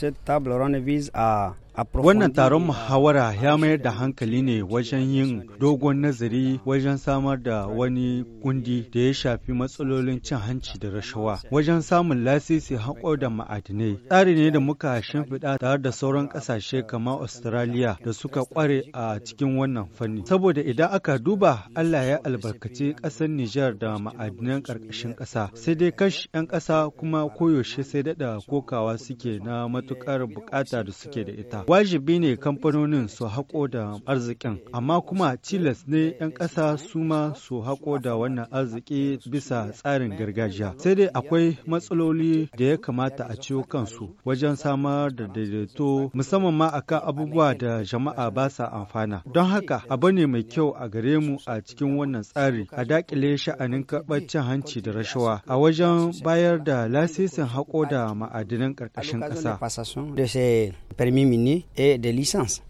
Cette table ronde vise à Wannan taron muhawara ya mayar da hankali ne wajen yin dogon nazari wajen samar da wani kundi da ya shafi matsalolin cin hanci da rashawa, wajen samun lasisi haƙo da ma'adinai. Tsari ne da muka shimfiɗa tare da sauran ƙasashe kamar Australia da suka ƙware a cikin wannan fanni. Saboda idan aka duba Allah ya albarkaci ƙasar Nijar da ma'adinan ƙarƙashin ƙasa, sai dai kashi 'yan ƙasa kuma koyaushe sai daɗa kokawa suke na matuƙar buƙata da suke da ita. wajibi ne kamfanonin su haƙo da arzikin amma kuma tilas ne 'yan ƙasa su ma su haƙo da wannan arziki bisa tsarin gargajiya sai dai akwai matsaloli da ya kamata a ciwo kansu wajen samar da daidaito musamman ma a kan abubuwa da jama'a ba sa amfana don haka abu ne mai kyau a gare mu a cikin wannan tsari a daƙile sha'anin karɓar cin hanci da rashawa a wajen bayar da lasisin haƙo da ma'adinan ƙarƙashin ƙasa permis mini et des licences.